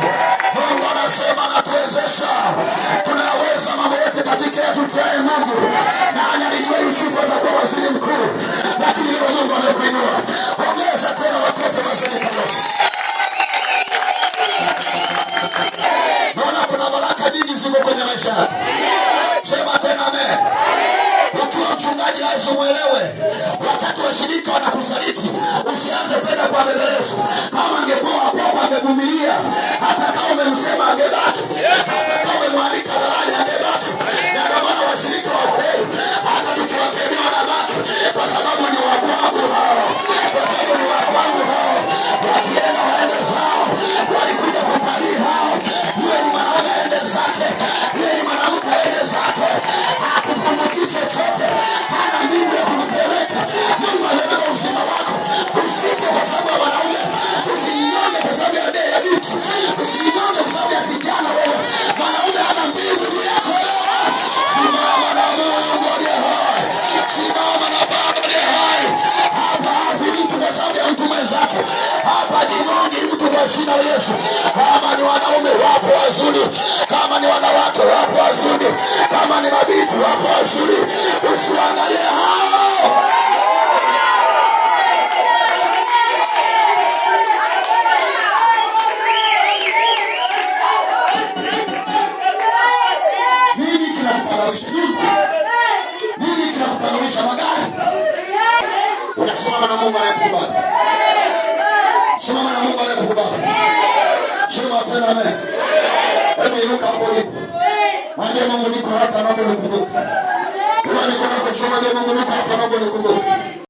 kazi. Mungu anasema anatuwezesha, tunaweza mambo yote katika yetu mtiaye Mungu. Nani alijua Yusufu atakuwa waziri mkuu? Lakini leo Mungu amekuinua. Ongeza tena watu wote maishani Yesu. Naona kuna baraka nyingi ziko kwenye maisha yako. Sema tena amen. Ukiwa mchungaji lazima uelewe, wakati washirika wanakusaliti, usianze kwenda kwa bebelezo. Kama angekuwa wakwako angevumilia jina la Yesu. Kama ni wanaume wapo wazuri, kama ni wanawake wapo wazuri, kama ni mabinti wapo wazuri, usiangalie hao Nini kinakupagawisha magari? Unasimama na Mungu anayekukubali. amen. Hebu inuka hapo ulipo. Mwambie Mungu niko hapa naomba unikumbuke. Kama niko na kusema Mungu niko hapa naomba unikumbuke.